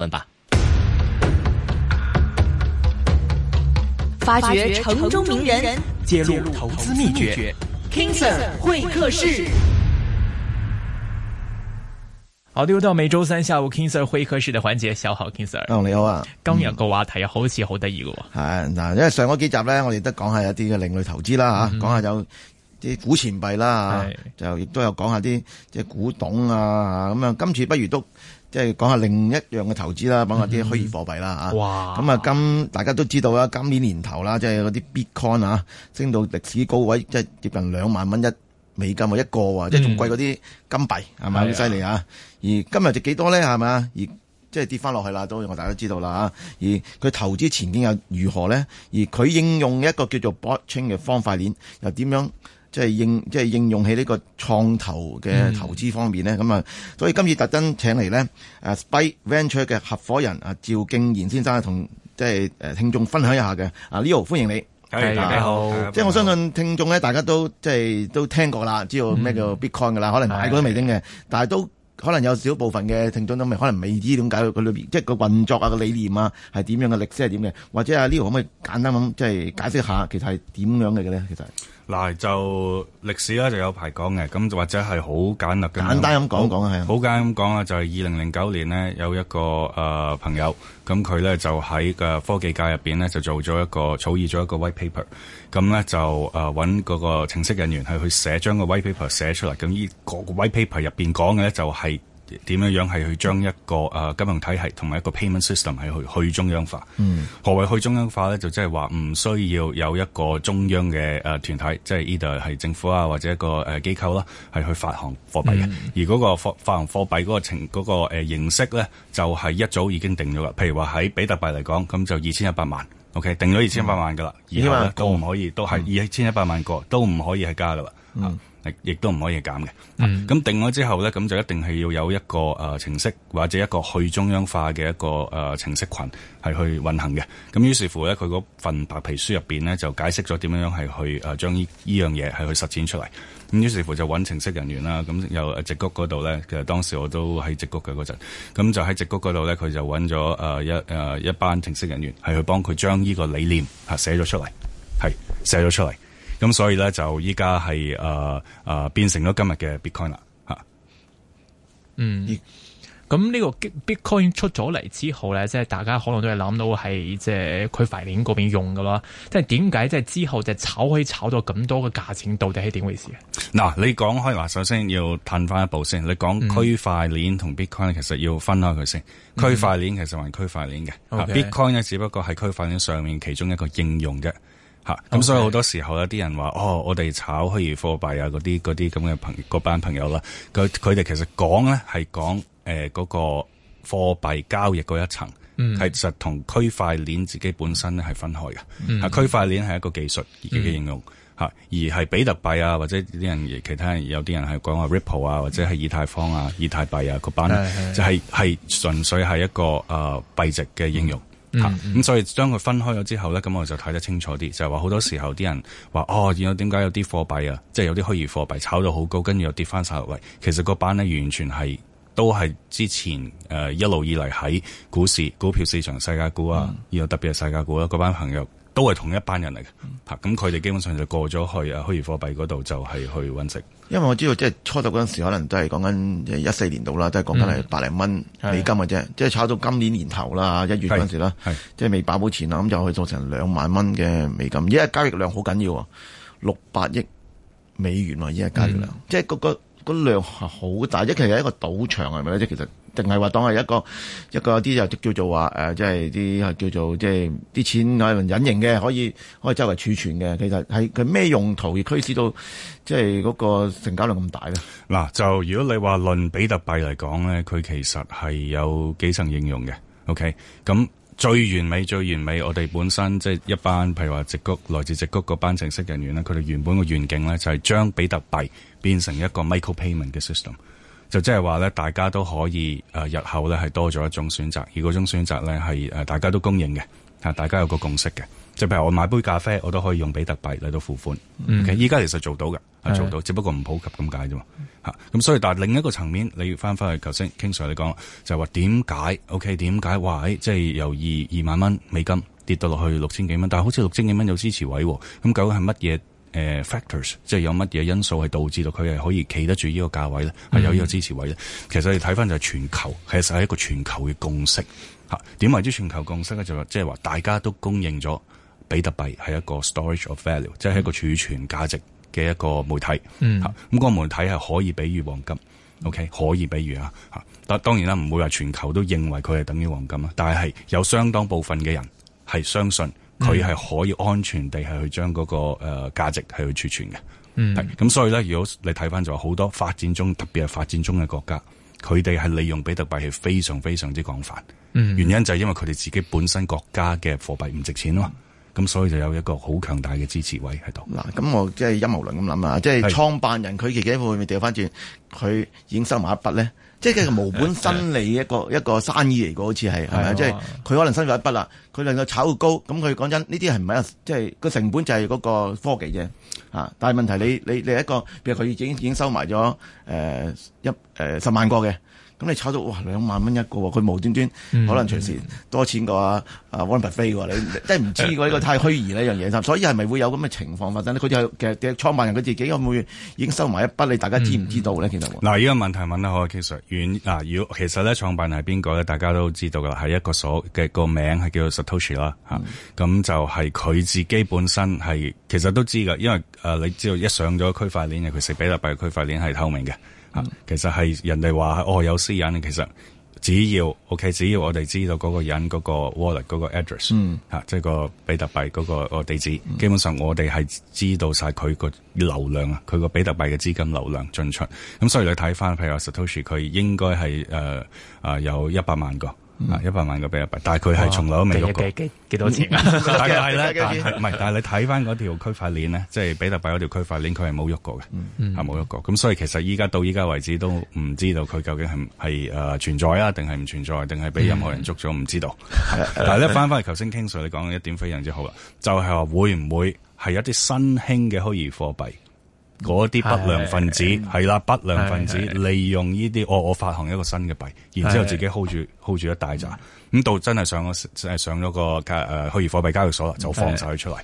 問吧，發掘城中名人，揭露投資秘訣 King Sir 會客室。好，又到每周三下午 King Sir 會客室的環節，小好 King Sir，你好啊！今日個話題、嗯、好似好得意嘅，係嗱、啊，因為上嗰幾集呢，我哋都講下有啲嘅另類投資啦，吓、嗯，講下一、嗯、有啲古錢幣啦，就亦都有講下啲即係古董啊，咁啊、嗯，嗯、今次不如都即係講下另一樣嘅投資啦，講下啲虛擬貨幣啦嚇。咁啊、嗯嗯、今大家都知道啦，今年年頭啦，即係嗰啲 bitcoin 啊，升到歷史高位，即係接近兩萬蚊一美金一個啊，即係仲貴嗰啲金幣係咪？好犀利啊！而今日值幾多咧係咪？而即係跌翻落去啦，都我大家都知道啦嚇、啊。而佢投資前景又如何咧？而佢應用一個叫做 blockchain 嘅方塊鏈，又點樣？即係應即係、就是、應用喺呢個創投嘅投資方面呢。咁啊、嗯，所以今次特登請嚟呢誒、uh, Spirit Venture 嘅合伙人啊，uh, 趙敬賢先生，同即係誒聽眾分享一下嘅啊、uh,，Leo，歡迎你，大家好，即係我相信聽眾呢，大家都即係都聽過啦，知道咩叫 Bitcoin 嘅啦，可能大家都未聽嘅，但係都可能有少部分嘅聽眾都未可能未知點解佢裏邊即係個運作啊，個理念啊係點樣嘅，歷史係點嘅，或者啊 Leo，可唔可以簡單咁即係解釋下其實係點樣嚟嘅咧？其實？其實嗱，就歷史咧就有排講嘅，咁或者係好簡略嘅，簡單咁講講啊，係啊，好、嗯、是簡單咁講啊，就係二零零九年咧有一個誒、呃、朋友，咁佢咧就喺個、呃、科技界入邊咧就做咗一個草擬咗一個 white paper，咁咧就誒揾嗰個程式人員係去寫將個 white paper 寫出嚟，咁呢個 white paper 入邊講嘅咧就係、是。點樣樣係去將一個誒、呃、金融體系同埋一個 payment system 係去去中央化？嗯、何謂去中央化咧？就即係話唔需要有一個中央嘅誒團體，即係呢度係政府啊，或者一個誒機、呃、構啦，係去發行貨幣嘅。嗯、而嗰個發發行貨幣嗰個程、嗰個誒形式咧，就係、是、一早已經定咗噶。譬如話喺比特幣嚟講，咁就二千一百萬，OK，定咗二千一百萬噶啦。以後咧，都唔可以，都係二千一百萬個，都唔可以係加噶。啊亦都唔可以減嘅，咁、嗯、定咗之後呢，咁就一定係要有一個誒程式或者一個去中央化嘅一個誒程式群係去運行嘅。咁於是乎呢，佢嗰份白皮書入邊呢，就解釋咗點樣樣係去誒將呢呢樣嘢係去實踐出嚟。咁於是乎就揾程式人員啦。咁由直谷嗰度呢，其實當時我都喺直谷嘅嗰陣，咁就喺直谷嗰度呢，佢就揾咗誒一誒一班程式人員係去幫佢將呢個理念吓寫咗出嚟，係寫咗出嚟。咁所以咧就依家係誒誒變成咗今日嘅 Bitcoin 啦吓，啊、嗯，咁呢、嗯、個 Bitcoin 出咗嚟之後咧，即係大家可能都係諗到係即係佢區塊鏈嗰邊用噶啦，即係點解即係之後就炒可以炒到咁多嘅價錢，到底係點回事啊？嗱、嗯，你講開嗱，首先要褪翻一步先，你講區塊鏈同 Bitcoin 其實要分開佢先，區塊鏈其實還係區塊鏈嘅，Bitcoin 呢只不過係區塊鏈上面其中一個應用嘅。吓，咁 Okay.、嗯、所以好多時候有啲人話，哦，我哋炒虛擬貨幣啊，嗰啲嗰啲咁嘅朋，班朋友啦，佢佢哋其實講咧係講誒嗰個貨幣交易嗰一層，嗯、其實同區塊鏈自己本身咧係分開嘅。啊、嗯，區塊鏈係一個技術自己嘅應用，吓、嗯，而係比特幣啊，或者啲人其他人有啲人係講話 Ripple 啊，或者係以太坊啊、以太幣啊，嗰班、嗯、就係係純粹係一個誒幣、呃、值嘅應用。嗯吓，咁、嗯嗯啊、所以將佢分開咗之後咧，咁我就睇得清楚啲，就係話好多時候啲人話哦，點解有啲貨幣啊，即、就、係、是、有啲虛擬貨幣炒到好高，跟住又跌翻晒落嚟，其實個班咧完全係都係之前誒、呃、一路以嚟喺股市、股票市場、世界股啊，又、嗯、特別係世界股啦、啊，嗰班朋友。都係同一班人嚟嘅，哈、嗯！咁佢哋基本上就過咗去啊虛擬貨幣嗰度，就係去揾食。因為我知道即係初頭嗰陣時，可能都係講緊一四年度啦，都係講緊係百零蚊美金嘅啫。嗯、即係炒到今年年頭啦，一月嗰陣時啦，嗯、即係未擺好錢啦，咁就可以做成兩萬蚊嘅美金。而家交易量好緊要啊，六百億美元喎，而家交易量，嗯、即係、嗰個、嗰個量係好大，即係其實一個賭場係咪咧？即係其實。定係話當係一個一個啲就叫做話誒、呃，即係啲叫做即係啲錢係能隱形嘅，可以可以周圍儲存嘅。其實係佢咩用途而驅使到即係嗰、那個成交量咁大咧？嗱，就如果你話論比特幣嚟講咧，佢其實係有幾層應用嘅。OK，咁最完美最完美，我哋本身即係、就是、一班譬如話直谷來自直谷嗰班程式人員咧，佢哋原本嘅願景咧就係將比特幣變成一個 micro payment 嘅 system。就即係話咧，大家都可以誒，日後咧係多咗一種選擇，而嗰種選擇咧係誒，大家都公認嘅吓，大家有個共識嘅。即係譬如我買杯咖啡，我都可以用比特幣嚟到付款。O K，依家其實做到嘅，係是做到，只不過唔普及咁解啫嘛。吓、嗯，咁所以但係另一個層面，你要翻翻去頭先，King Sir 你講就係話點解？O K，點解？哇，即、哎、係、就是、由二二萬蚊美金跌到落去六千幾蚊，但係好似六千幾蚊有支持位，咁究竟係乜嘢？誒，factors 即係有乜嘢因素係導致到佢係可以企得住呢個價位咧，係、嗯、有呢個支持位咧。其實你睇翻就係全球，其實係一個全球嘅共識吓。點、啊、為之全球共識咧？就即係話大家都公認咗比特幣係一個 storage of value，、嗯、即係一個儲存價值嘅一個媒體。嗯，咁、啊個媒體係可以比喻黃金。OK，可以比喻啊。吓，但當然啦，唔會話全球都認為佢係等於黃金啊，但係係有相當部分嘅人係相信。佢係可以安全地係去將嗰、嗰個誒價、呃、值係去儲存嘅，咁、嗯、所以咧，如果你睇翻就好多發展中，特別係發展中嘅國家，佢哋係利用比特幣係非常非常之廣泛，嗯、原因就係因為佢哋自己本身國家嘅貨幣唔值錢咯，咁、嗯、所以就有一個好強大嘅支持位喺度。嗱，咁我即係陰謀論咁諗啊，即係創辦人佢自己會唔會掉翻轉，佢是已經收埋一筆咧？即係其實無本生利一個一個生意嚟，個好似係，係咪啊？即係佢可能收入一筆啦，佢能夠炒到高咁，佢講真呢啲係唔係啊？即係個成本就係嗰個科技啫，嚇、啊，但係問題你你你一個譬如佢已經已經收埋咗誒一誒十、呃、萬個嘅。咁你炒到哇兩萬蚊一個喎，佢無端端嗯嗯嗯嗯可能隨時多錢過啊，Warren Buffett 嘅喎，你即係唔知喎，呢、這個太虛擬呢一樣嘢，嗯嗯所以係咪會有咁嘅情況發生咧？佢哋其實嘅創辦人佢自己會唔會已經收埋一筆，你大家知唔知道咧？其實嗱，依個問題問得好啊，其實遠嗱要其實咧創辦人係邊個咧？大家都知道噶啦，係一個所嘅個名係叫做 Satoshi 啦、啊、嚇，咁、嗯、就係佢自己本身係其實都知噶，因為誒你知道一上咗區塊鏈嘅佢食比特幣區塊鏈係透明嘅。啊，其實係人哋話哦有私隱，其實只要 OK，只要我哋知道嗰個人嗰個 wallet 嗰個 address，吓、嗯、即係個比特幣嗰個個地址，嗯、基本上我哋係知道晒佢個流量啊，佢個比特幣嘅資金流量進出，咁所以你睇翻，譬如話 Satoshi，佢應該係誒啊有一百萬個。啊！一百萬個比特幣，但係佢係從來都、哦、未喐過。幾多錢？係啦，唔係 是，但係你睇翻嗰條區塊鏈咧，即係 比特幣嗰條區塊鏈，佢係冇喐過嘅，係冇喐過。咁所以其實依家到依家為止都唔知道佢究竟係係誒存在啊，定係唔存在，定係俾任何人捉咗唔知道。 但係咧翻翻嚟，頭先，King Sir 你講嘅一點非常之好啦，就係、是、話會唔會係一啲新興嘅虛擬貨幣？嗰啲不良分子係啦，不良分子利用呢啲，我的、哦、我發行一個新嘅幣，的然之後自己 hold 住 hold 住一大紮，咁的、嗯、到真係上咗真係上咗個誒、呃、虛擬貨幣交易所啦，的就放晒佢出嚟。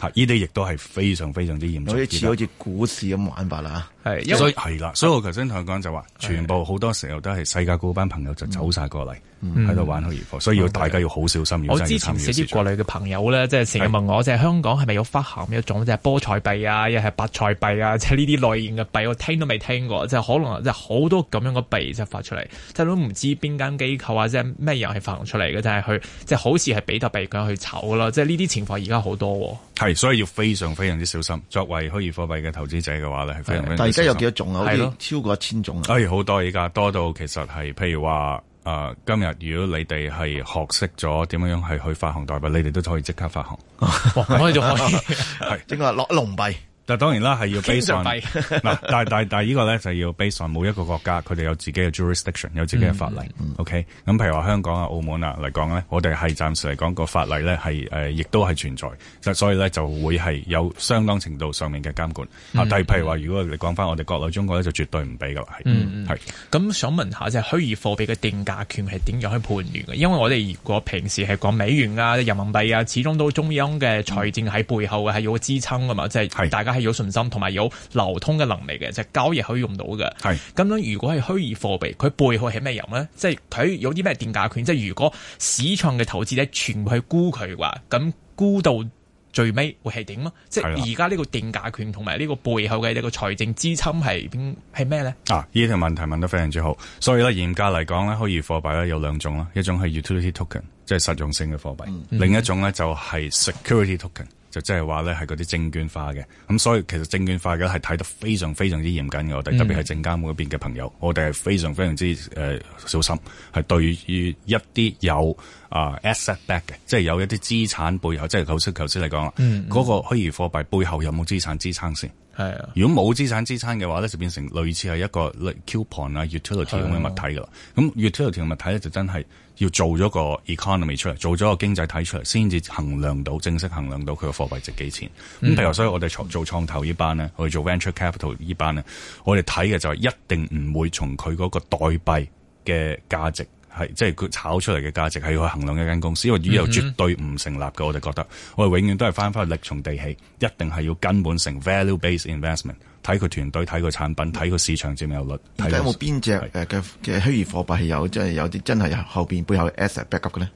吓的，呢啲亦都係非常非常之嚴重。好似好似股市咁玩法啦。所以係啦，所以我頭先同佢講就話，全部好的多時候都係世界嗰班朋友就走晒過嚟，喺度、嗯、玩虛擬貨，所以要大家要好小心。Okay. 我之前識啲國內嘅朋友咧，即係成日問我，即係香港係咪有發行一種即係菠菜幣啊，又係白菜幣啊，即係呢啲類型嘅幣，我聽都未聽過，就可能即係好多咁樣嘅幣即係發出嚟，即係都唔知邊間機構啊，即係咩人係發行出嚟嘅，但係佢即係好似係比特幣咁去炒啦，即係呢啲情況而家好多、啊。係，所以要非常非常之小心。作為虛擬貨幣嘅投資者嘅話咧，係非常之小心。但而家有幾多種啊？好似超過一千種啊！誒的，好、哎、多而家多到其實係，譬如話誒、呃，今日如果你哋係學識咗點樣樣係去發行代幣，你哋都可以即刻發行，可以就可以係整個落龍幣。但當然啦，係要 base on 嗱， 但係但係呢個咧就要 base on 每一個國家，佢哋有自己嘅 jurisdiction，有自己嘅法例。嗯、OK，咁譬如話香港啊、澳門啊嚟講咧，我哋係暫時嚟講個法例咧係誒，亦都係存在，所以咧就會係有相當程度上面嘅監管。嗯、但係譬如話，如果你講翻我哋國內中國咧，就絕對唔俾噶啦，係。咁、嗯是嗯、想問下，即係虛擬貨幣嘅定價權係點樣去判斷嘅？因為我哋如果平時係講美元啊、人民幣啊，始終都中央嘅財政喺背後係有個支撐噶嘛，即、就、係、是、大家，有信心同埋有，有流通嘅能力嘅，就係交易可以用到嘅。係咁樣，如果係虛擬貨幣，佢背後係咩油咧？即係佢有啲咩定價權？即係如果市場嘅投資者全部去估佢嘅話，咁估到最尾會係點啊？即係而家呢個定價權同埋呢個背後嘅呢個財政支撐係邊係咩咧？係。啊，呢條問題問得非常之好。所以咧，嚴格嚟講咧，虛擬貨幣咧有兩種啦，一種係 utility token，即係實用性嘅貨幣；嗯、另一種咧就係 security token。就即係話咧，係嗰啲證券化嘅，咁所以其實證券化嘅家係睇得非常非常之嚴謹嘅我哋，特別係證監會嗰邊嘅朋友，嗯、我哋係非常非常之誒小心，係對於一啲有啊、呃、asset back 嘅，即係有一啲資產背後，即係好似頭先嚟講嗰個虛擬貨幣背後有冇資產支撐先？係啊，如果冇資產支撐嘅話咧，就變成類似係一個 coupon 啊，utility 咁嘅物體噶啦，咁、啊嗯、utility 嘅物體咧就真係。要做咗個 economy 出嚟，做咗個經濟體出嚟，先至衡量到正式衡量到佢個貨幣值幾錢。咁譬、嗯、如，所以我哋做創投呢班咧，我哋做 venture capital 呢班咧，我哋睇嘅就係一定唔會從佢嗰個代幣嘅價值係即係佢炒出嚟嘅價值係要去衡量一間公司，因為呢度絕對唔成立嘅。我哋覺得我哋永遠都係翻翻去力從地起，一定係要根本成 value based investment。睇佢團隊，睇佢產品，睇佢市場佔有率。睇家有冇邊隻誒嘅嘅虛擬貨幣係有即係有啲真係後邊背後 asset backup 嘅咧？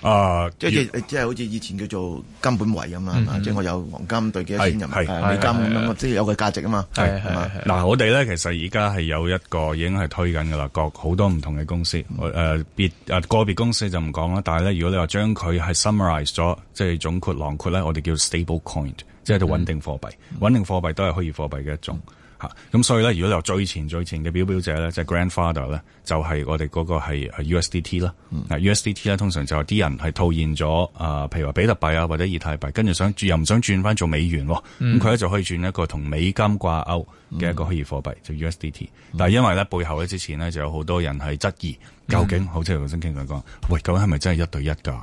啊，即係即係好似以前叫做金本位咁啊！即係我有黃金兌幾多錢人民幣金即係有個價值啊嘛。係係嗱，我哋咧其實而家係有一個已經係推緊嘅啦，各好多唔同嘅公司誒別誒個別公司就唔講啦，但係咧如果你話將佢係 summarize 咗，即係總括囊括咧，我哋叫 stable coin。即係喺度穩定貨幣，嗯、穩定貨幣都係虛擬貨幣嘅一種嚇。咁、嗯啊、所以咧，如果由最前最前嘅表表者咧，就係、grandfather 咧、嗯，就係我哋嗰個係 USDT 啦。嗱 USDT 咧，通常就係啲人係套現咗啊，譬如話比特幣啊或者以太幣，跟住想又唔想轉翻做美元喎，咁佢咧就可以轉一個同美金掛鈎嘅一個虛擬貨幣就 USDT，但係因為咧背後咧之前咧就有好多人係質疑究、嗯，究竟好似頭先傾佢講，喂究竟係咪真係一對一㗎？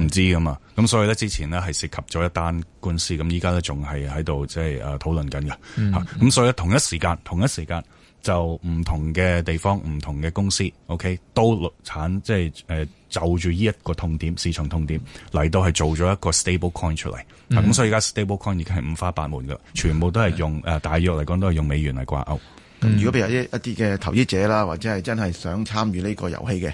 唔是知噶嘛，咁所以咧之前呢係涉及咗一單官司，咁依家咧仲係喺度即係誒討論緊嘅，嚇咁、嗯、所以同一時間同一時間就唔同嘅地方唔同嘅公司，OK 都落產即係誒。呃就住呢一個痛點，市場痛點嚟到係做咗一個 stable coin 出嚟，咁、嗯嗯、所以而家 stable coin 已經係五花八門噶，全部都係用誒的、呃、大約嚟講都係用美元嚟掛鈎。咁、嗯、如果譬如有一一啲嘅投資者啦，或者係真係想參與呢個遊戲嘅，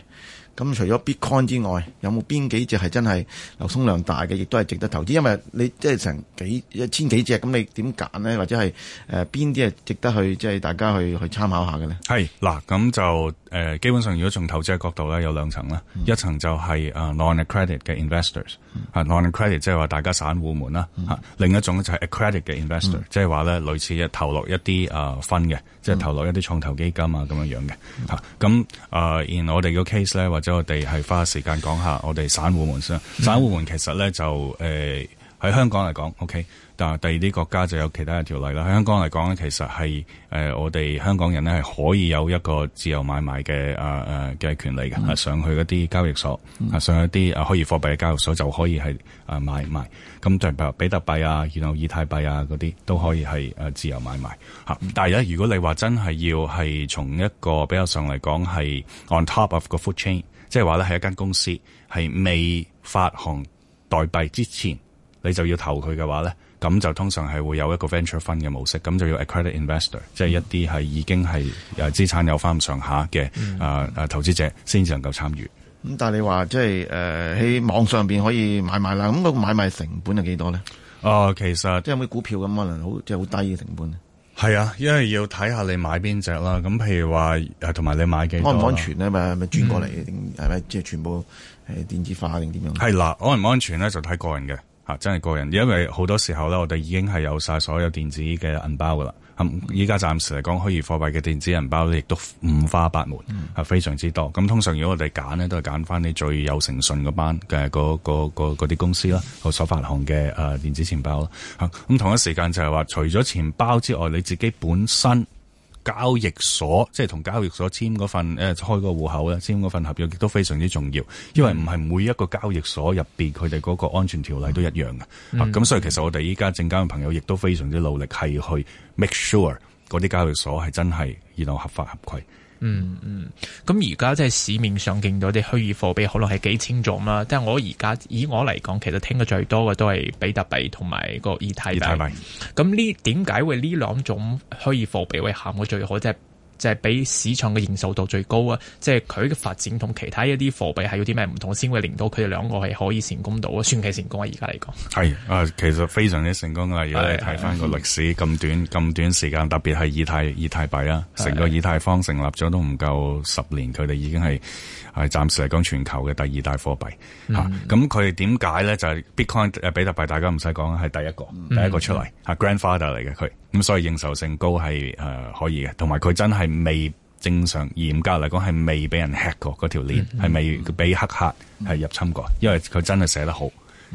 咁除咗 bitcoin 之外，有冇邊幾隻係真係流通量大嘅，亦都係值得投資？因為你即係成幾一千幾隻，咁你點揀呢？或者係誒邊啲係值得去，即係大家去去參考下嘅呢？係嗱，咁就。誒、呃，基本上如果從投資嘅角度咧，有兩層啦。嗯、一層就係、是 uh, 嗯、啊，non accredit 嘅 investors，啊，non accredit 即係話大家散戶們啦。嚇、嗯啊，另一種咧就係 accredit 嘅 investor，即係話、嗯、咧類似嘅投落一啲啊 fund 嘅，即係投落一啲創投基金啊咁樣樣嘅嚇。咁啊，而我哋個 case 咧，或者我哋係花時間講下我哋散戶們先。散戶們其實咧就誒喺香港嚟講，OK。嗯但係第二啲國家就有其他嘅條例啦。喺香港嚟講咧，其實係誒、呃，我哋香港人咧係可以有一個自由買賣嘅啊啊嘅權利嘅。Mm hmm. 上去嗰啲交易所啊，mm hmm. 上去一啲啊虛擬貨幣嘅交易所就可以係啊、呃、買賣咁，就係比特幣啊，然後以太幣啊嗰啲都可以係誒、呃、自由買賣嚇。Mm hmm. 但係咧，如果你話真係要係從一個比較上嚟講係 on top of 個 food chain，即係話咧係一間公司係未發行代幣之前，你就要投佢嘅話咧。咁就通常係會有一個 venture fund 嘅模式，咁就要 accredited investor，即係一啲係已經係誒資產有翻咁上下嘅誒誒投資者先至能夠參與。咁、嗯、但係你話即係誒喺網上邊可以買賣啦，咁個買賣成本係幾多咧？哦、呃，其實即係好似股票咁，可能好即係好低嘅成本呢。係啊，因為要睇下你買邊隻啦。咁譬如話誒，同埋你買幾多安唔安全咧？咪咪轉過嚟，係咪即係全部誒電子化定點樣？係啦，安唔安全咧就睇個人嘅。啊！真係個人，因為好多時候咧，我哋已經係有晒所有電子嘅銀包噶啦。咁依家暫時嚟講，虛擬貨幣嘅電子銀包亦都五花八門，係、嗯、非常之多。咁通常如果我哋揀呢，都係揀翻你最有誠信嗰班嘅嗰啲公司啦，佢、嗰個、所發行嘅誒、呃、電子錢包啦。咁、嗯、同一時間就係話，除咗錢包之外，你自己本身。交易所即係同交易所簽嗰份誒、呃、開個戶口咧，簽嗰份合約亦都非常之重要，因為唔係每一個交易所入邊佢哋嗰個安全條例都一樣嘅，咁、嗯啊、所以其實我哋依家證監嘅朋友亦都非常之努力，係去 make sure 嗰啲交易所係真係然後合法合規。嗯嗯，咁而家即係市面上見到啲虛擬貨幣可能係幾千種啦，但係我而家以我嚟講，其實聽得最多嘅都係比特幣同埋個以太幣。咁呢，點解會呢兩種虛擬貨幣會行得最好？即係就係俾市場嘅認受度最高啊！即係佢嘅發展同其他一啲貨幣係有啲咩唔同，先會令到佢哋兩個係可以成功到啊！算係成功啊！而家嚟講係啊，其實非常之成功啊！如果你睇翻個歷史咁、嗯、短咁短時間，特別係以太以太幣啦，成是個以太坊成立咗都唔夠十年，佢哋已經係係暫時嚟講全球嘅第二大貨幣嚇。咁佢點解咧？就係 Bitcoin 誒比特幣、啊，大家唔使講係第一個、嗯、第一個出嚟嚇 Grandfather 嚟嘅佢，咁、嗯啊、所以認受性高係誒可以嘅，同埋佢真係。未正常嚴格嚟講係未俾人 hack 過，嗰條鏈係未俾黑客係入侵過，因為佢真係寫得好，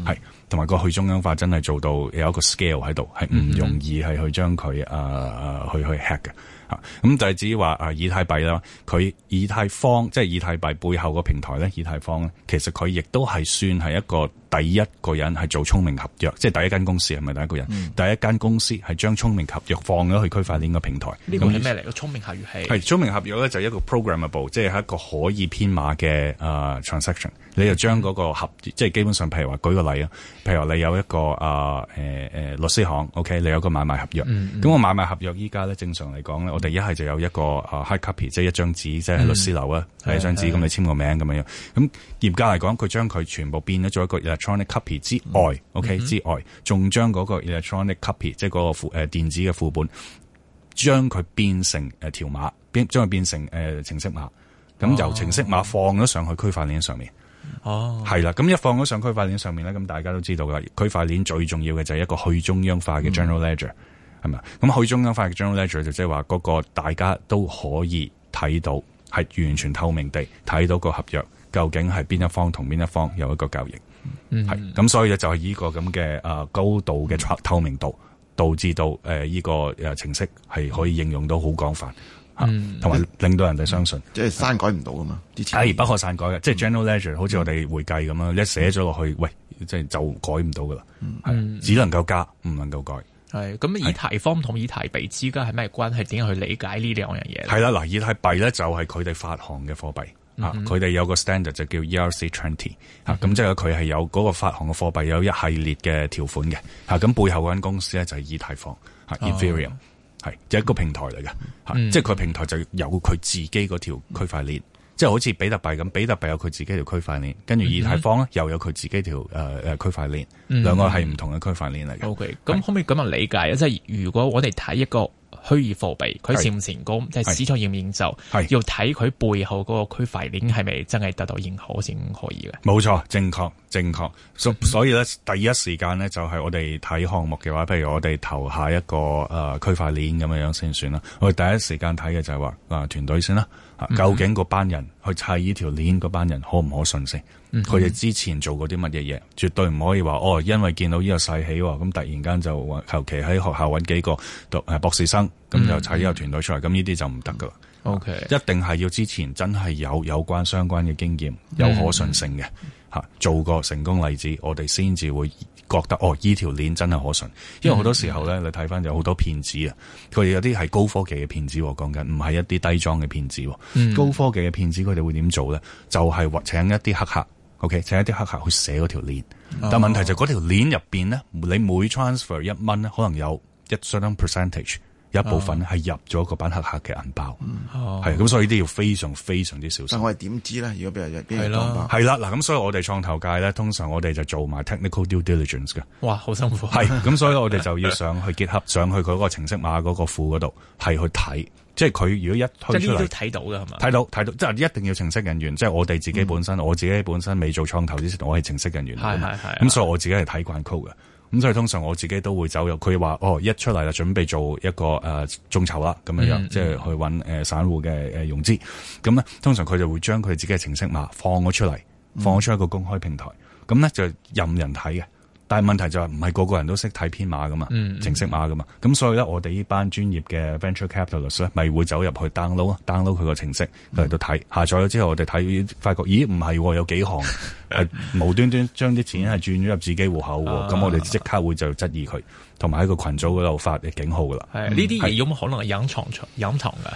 係同埋個去中央化真係做到有一個 scale 喺度，係唔容易係、呃、去將佢誒去去 hack 嘅吓。咁就係至於話誒以太幣啦，佢以太坊即係以太幣背後個平台咧，以太坊咧，其實佢亦都係算係一個。第一個人係做聰明合約，即係第一間公司係咪第一個人？第一間公司係將聰明合約放咗去區塊鏈個平台。呢個係咩嚟？個聰明合約係係聰明合約咧，就一個 programmable，即係一個可以編碼嘅啊 transaction。你就將嗰個合，即係基本上，譬如話舉個例啊，譬如話你有一個啊誒誒律師行，OK，你有一個買賣合約。咁個買賣合約依家咧正常嚟講咧，我哋一係就有一個 hard copy，即係一張紙，即係律師樓啊，係一張紙，咁你簽個名咁樣。咁嚴格嚟講，佢將佢全部變咗做一個 Electronic copy 之外，OK 之外，仲將嗰個 Electronic copy，即係嗰個誒電子嘅、嗯、副本，將佢變成誒條碼，變將佢變成誒、呃、程式碼。咁、哦、由程式碼放咗上去區塊鏈上面，哦，係啦的。咁、嗯、一放咗上區塊鏈上面咧，咁大家都知道噶，區塊鏈最重要嘅就係一個去中央化嘅 General Ledger 係咪、嗯？咁去中央化嘅 General Ledger 就即係話嗰個大家都可以睇到，係完全透明地睇到個合約究竟係邊一方同邊一方有一個交易。嗯，係咁，所以咧就係呢個咁嘅啊高度嘅透明度，嗯、哼導致到誒呢個誒程式係可以應用到好廣泛，吓、嗯，同埋令到人哋相信，嗯、即係刪改唔到噶嘛啲錢，係是而不可刪改嘅，嗯、即係 general ledger，好似我哋會計咁樣，一寫咗落去，喂，即、就、係、是、就改唔到噶啦，只能夠加，唔能夠改。係咁、嗯，以太坊同以太幣之間係咩關係？點樣去理解呢兩樣嘢？係啦，嗱，以太幣咧就係佢哋發行嘅貨幣。啊！佢哋有個 standard 就叫 ERC twenty，啊咁即係佢係有嗰個發行嘅貨幣有一系列嘅條款嘅，吓咁背後嗰間公司咧就係以太坊，啊 Ethereum 係，就一個平台嚟嘅，吓即係佢平台就有佢自己嗰條區塊鏈，即係好似比特幣咁，比特幣有佢自己條區塊鏈，跟住以太坊咧又有佢自己條誒誒區塊鏈，兩個係唔同嘅區塊鏈嚟嘅。OK，咁可唔可以咁樣理解啊？即係如果我哋睇一個。虛擬貨幣佢成唔成功，是即係市場認唔認受，是要睇佢背後嗰個區塊鏈係咪真係得到認可先可以嘅。冇錯，正確，正確。所、so, 嗯、哼所以咧，第一時間咧就係我哋睇項目嘅話，譬如我哋投下一個誒區塊鏈咁樣樣先算啦。嗯、哼我哋第一時間睇嘅就係話啊團隊先啦，究竟嗰班人。去砌呢條鏈，嗰班人可唔可信性？佢哋、mm hmm. 之前做過啲乜嘢嘢？絕對唔可以話哦，因為見到呢個勢起，咁突然間就求其喺學校揾幾個讀誒博士生，咁、mm hmm. 就砌呢個團隊出嚟，咁呢啲就唔得噶啦。OK，一定係要之前真係有有關相關嘅經驗，有可信性嘅。Mm hmm. 嗯做個成功例子，我哋先至會覺得哦，依條鏈真係可信。因為好多時候咧，mm hmm. 你睇翻有好多騙子啊，佢哋有啲係高科技嘅騙子，講緊唔係一啲低裝嘅騙子。Mm hmm. 高科技嘅騙子佢哋會點做咧？就係、是、請一啲黑客，OK，請一啲黑客去寫嗰條鏈。Oh. 但問題就係、是、嗰條鏈入邊咧，你每 transfer 一蚊咧，可能有一相當 percentage。一部分係入咗個班黑客嘅銀包，係咁、嗯哦，所以呢啲要非常非常之小心。我哋點知咧？如果畀人入，係咯，係啦，嗱，咁所以我哋創投界咧，通常我哋就做埋 technical due diligence 嘅。哇，好辛苦。係咁，所以我哋就要上去 GitHub 上去佢嗰個程式碼嗰個庫嗰度，係去睇，即係佢如果一開都睇到嘅係嘛？睇到睇到，即係一定要程式人員，即係我哋自己本身，嗯、我自己本身未做創投之前，我係程式人員，係係係，咁所以我自己係睇慣 code 嘅。的的咁所以通常我自己都會走入佢話，哦，一出嚟就準備做一個誒、呃、眾籌啦咁樣樣，mm hmm. 即係去揾誒、呃、散戶嘅誒融資，咁、呃、咧通常佢就會將佢自己嘅程式碼放咗出嚟，mm hmm. 放咗出一個公開平台。咁咧就任人睇嘅。但係問題就係唔係個個人都識睇編碼噶嘛？程式碼噶嘛？咁所以咧，我哋呢班專業嘅 venture capitalists 咧，咪會走入去 download 啊，download 佢個程式嚟到睇。下載咗之後，我哋睇，發覺咦唔係，有幾行係無端端將啲錢係轉咗入自己戶口喎。咁我哋即刻會就質疑佢，同埋喺個群組嗰度發嘅警號噶啦。係呢啲嘢有冇可能係隱藏藏隱藏噶？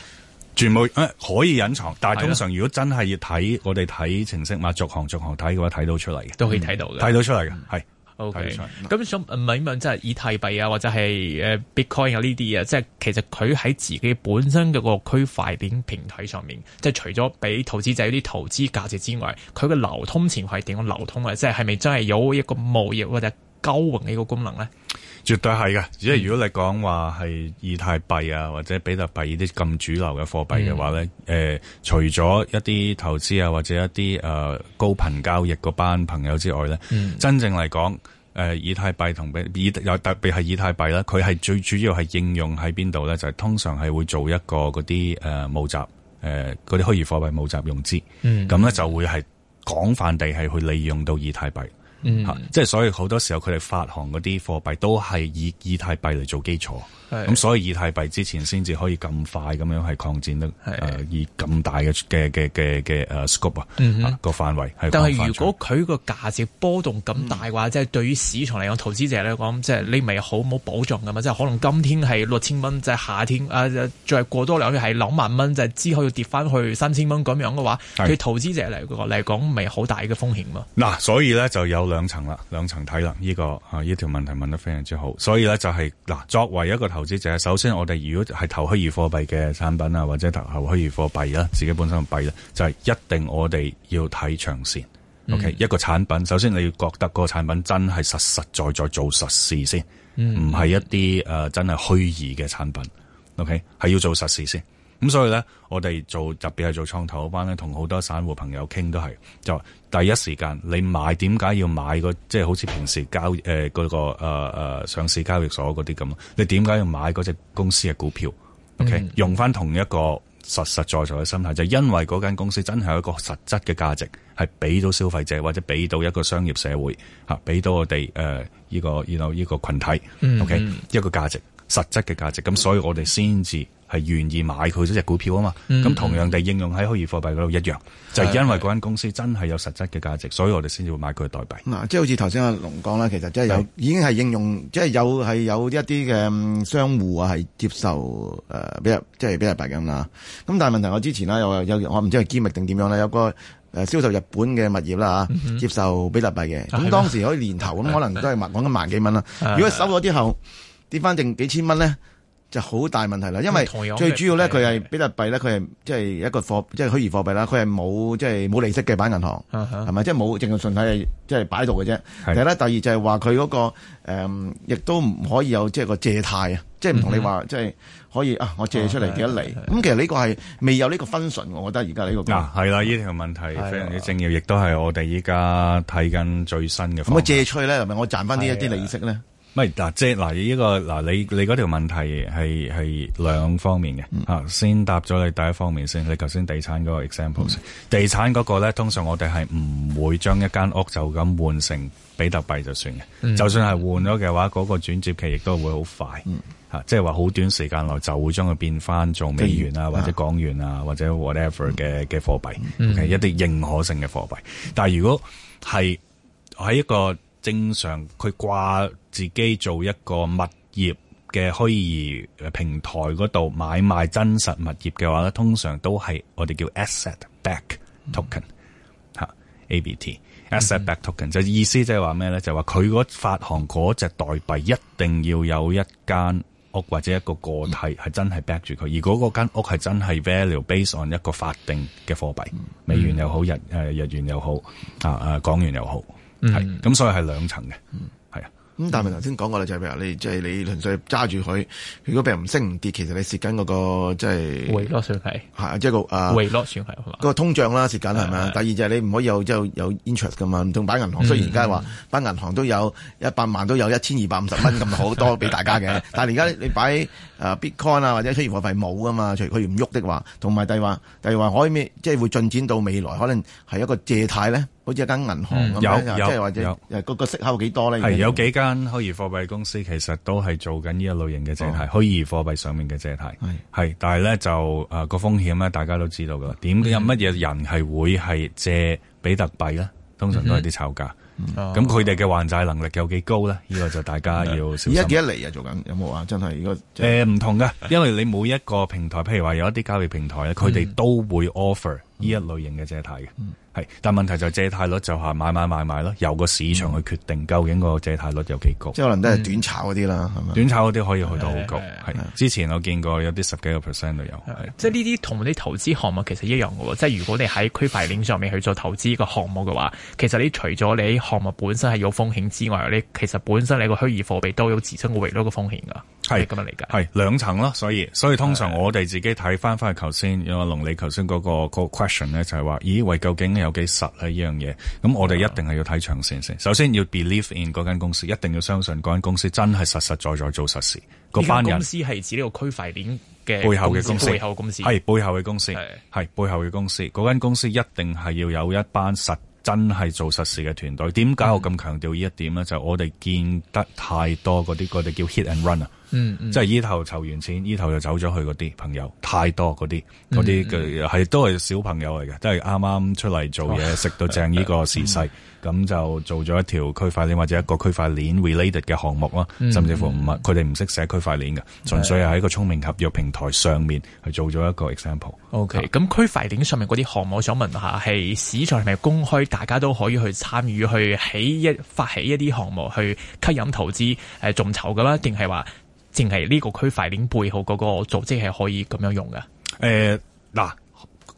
全部誒可以隱藏，但係通常如果真係要睇，我哋睇程式碼逐行逐行睇嘅話，睇到出嚟嘅都可以睇到嘅，睇到出嚟嘅係。O K. 咁想問一問，即係以太幣啊，或者係誒 Bitcoin 啊呢啲啊，即係、啊、其實佢喺自己本身嘅個區塊鏈平台上面，即係除咗俾投資者啲投資價值之外，佢嘅流通潛力點樣流通啊？即係係咪真係有一個貿易或者交換嘅一個功能咧？絕對係㗎，即係如果你講話係以太幣啊，或者比特幣呢啲咁主流嘅貨幣嘅話咧，誒、嗯呃，除咗一啲投資啊，或者一啲誒高頻交易嗰班朋友之外咧，嗯、真正嚟講，誒、呃，以太幣同比以特別係以太幣啦，佢係最主要係應用喺邊度咧？就係、是、通常係會做一個嗰啲誒募集，誒嗰啲虛擬貨幣募集融資，咁咧、呃嗯、就會係廣泛地係去利用到以太幣。嗯，即係所以好多時候佢哋發行嗰啲貨幣都係以以太幣嚟做基礎，咁的、嗯、所以以太幣之前先至可以咁快咁樣係擴展得誒的、呃、以咁大嘅嘅嘅嘅嘅誒 scope 啊個範圍，但係如果佢個價值波動咁大嘅話，嗯、即係對於市場嚟講，投資者嚟講，即、就、係、是、你咪好冇保障噶嘛，即係可能今天係六千蚊，即、就、係、是、夏天啊、呃、再過多兩月係兩萬蚊，就係、是、之後要跌翻去三千蚊咁樣嘅話，對的投資者嚟嚟講，咪好大嘅風險咯。嗱，所以咧就有。兩層啦，兩層睇啦，呢、這個啊呢條問題問得非常之好，所以咧就係、是、嗱，作為一個投資者，首先我哋如果係投虛擬貨幣嘅產品啊，或者投後虛擬貨幣啦，自己本身嘅幣啦，就係、是、一定我哋要睇長線。O、okay? K，、嗯、一個產品，首先你要覺得嗰個產品真係實實在在做實事先，唔係、嗯、一啲誒、呃、真係虛擬嘅產品。OK，係要做實事先。咁所以咧，我哋做特別係做創投班咧，同好多散戶朋友傾都係，就第一時間你買，點解要買、嗰個？即、就、係、是、好似平時交誒嗰個誒誒上市交易所嗰啲咁，你點解要買嗰隻公司嘅股票？OK，、嗯、用翻同一個實實在在嘅心態，就是、因為嗰間公司真係有一個實質嘅價值，係俾到消費者或者俾到一個商業社會吓，俾、啊、到我哋誒呢個然後呢個群體，OK，、嗯、一個價值實質嘅價值。咁所以我哋先至。係願意買佢嗰隻股票啊嘛，咁、嗯、同樣地應用喺虛擬貨幣嗰度一樣，就係、因為嗰間公司真係有實質嘅價值，所以我哋先至會買佢嘅代幣。即係、嗯就係、好似頭先阿龍講啦，其實即係有是已經係應用，即、就、係、是、有係有一啲嘅商戶啊，係接受誒比、呃、即係比特幣咁啊。咁但係問題我之前呢，又又我唔知係機密定點樣啦，有，有，有個誒銷售日本嘅物業啦啊，嗯、哼接受比特幣嘅。咁、啊、當時可以年頭咁可能都係萬講緊萬幾蚊啦。啊啊、如果收咗之後跌翻定幾千蚊咧？就好大問題啦，因為最主要咧，佢係比特幣咧，佢係即係一個貨，即、就、係、即係、虛擬貨幣啦，佢係冇即係冇利息嘅，擺銀行係咪、啊啊？即係冇整個信貸即係擺度嘅啫。其實咧，第二就係話佢嗰個、嗯、亦都唔可以有即係個借貸啊，即係唔同你話即係可以啊，我借出嚟幾多利？咁、啊、其實呢個係未有呢個分寸，我覺得而家呢個嗱係啦，呢、啊、條問題非常之正義，亦都係我哋依家睇緊最新嘅。咁我借出去咧，係咪我賺翻呢一啲利息咧？喂，嗱，即係嗱，呢個嗱，你你嗰條問題係係兩方面嘅，吓，先答咗你第一方面先，你頭先地產嗰個 example 先，地產嗰個咧，通常我哋係唔會將一間屋就咁換成比特幣就算嘅，就算係換咗嘅話，嗰個轉接期亦都會好快，吓，即係話好短時間內就會將佢變翻做美元啊，或者港元啊，或者 whatever 嘅嘅貨幣，係一啲認可性嘅貨幣。但係如果係喺一個正常佢掛自己做一個物業嘅虛擬平台度買賣真實物業嘅話咧，通常都係我哋叫 asset、嗯、back、啊、token 吓，ABT asset、嗯、back token 就意思即係話咩咧？就係話佢發行嗰隻代幣一定要有一間屋或者一個個體係真係 back 住佢，如果、嗯、嗰間屋係真係 value based on 一個法定嘅貨幣，嗯、美元又好日誒、呃、日元又好啊啊、呃、港元又好。係，咁、嗯、所以係兩層嘅，係啊，咁、嗯、但係頭先講過啦，就係譬如你即係、就是、你純粹揸住佢，如果俾人唔升唔跌，其實你蝕緊嗰個即係回落算係，係、就、啊、是，即係個啊回落算係，嗰、就是 uh, not , right? 個通脹啦蝕緊係咪？是的 第二就係你唔可以有即有 interest 噶嘛？唔通擺銀行，嗯、雖然而家話擺銀行都有一百萬都有一千二百五十蚊咁好多俾大家嘅，但係而家你擺誒 bitcoin 啊或者出現貨幣冇噶嘛？除佢唔喐的話，同埋第二話，第二話可以咩？即、就、係、是、會進展到未來可能係一個借貸咧？好似一間銀行咁，即係或者誒，個個息口幾多咧？係有幾間虛擬貨幣公司其實都係做緊呢一類型嘅借貸，虛擬貨幣上面嘅借貸係，但係咧就誒個風險咧，大家都知道噶啦。點解有乜嘢人係會係借比特幣咧？通常都係啲炒家。咁佢哋嘅還債能力有幾高咧？呢個就大家要小心。而家幾多嚟啊？做緊有冇啊？真係？誒，唔同噶，因為你每一個平台，譬如話有一啲交易平台咧，佢哋都會 offer 呢一類型嘅借貸嘅。但問題就係借貸率就係買買買買咯，由個市場去決定究竟個借貸率有幾高，即係可能都係短炒嗰啲啦，係嘛？短炒嗰啲可以去到好高，係啊是！是是之前我見過有啲十幾個 percent 都有，是是即係呢啲同啲投資項目其實一樣嘅，即係如果你喺區塊鏈上面去做投資個項目嘅話，其實你除咗你項目本身係有風險之外，你其實本身你個虛擬貨幣都有自身嘅唯一個風險噶。係咁樣嚟㗎，係兩層咯，所以所以通常我哋自己睇翻翻去頭先，阿龍你頭先嗰個 question 咧，就係話，咦？喂，究竟有幾實咧？呢樣嘢，咁我哋一定係要睇長線先。首先要 believe in 嗰間公司，一定要相信嗰間公司真係實實在在做實事。個班人公司係指呢個區塊鏈嘅背後嘅公司，背後嘅公司係背後嘅公司係背後嘅公司。嗰間公司一定係要有一班實真係做實事嘅團隊。點解我咁強調呢一點呢？嗯、就我哋見得太多嗰啲，嗰啲叫 hit and run 啊。嗯，嗯即係依頭籌完錢，依頭就走咗去嗰啲朋友太多，嗰啲嗰啲佢係都係小朋友嚟嘅，都係啱啱出嚟做嘢，食到，哦，正呢個時勢，咁，嗯，就做咗一條區塊鏈或者一個區塊鏈 related 嘅項目咯，甚至乎唔係，佢哋唔識寫區塊鏈嘅，純，嗯，粹係喺個聰明合約平台上面去做咗一個 example。OK，咁區塊鏈上面嗰啲項目，我想問下，係市場係咪公開，大家都可以去參與去起一發起一啲項目去吸引投資誒眾籌噶啦，定係話？淨係呢個區塊鏈背後嗰個組織係可以咁樣用嘅。誒、呃、嗱、呢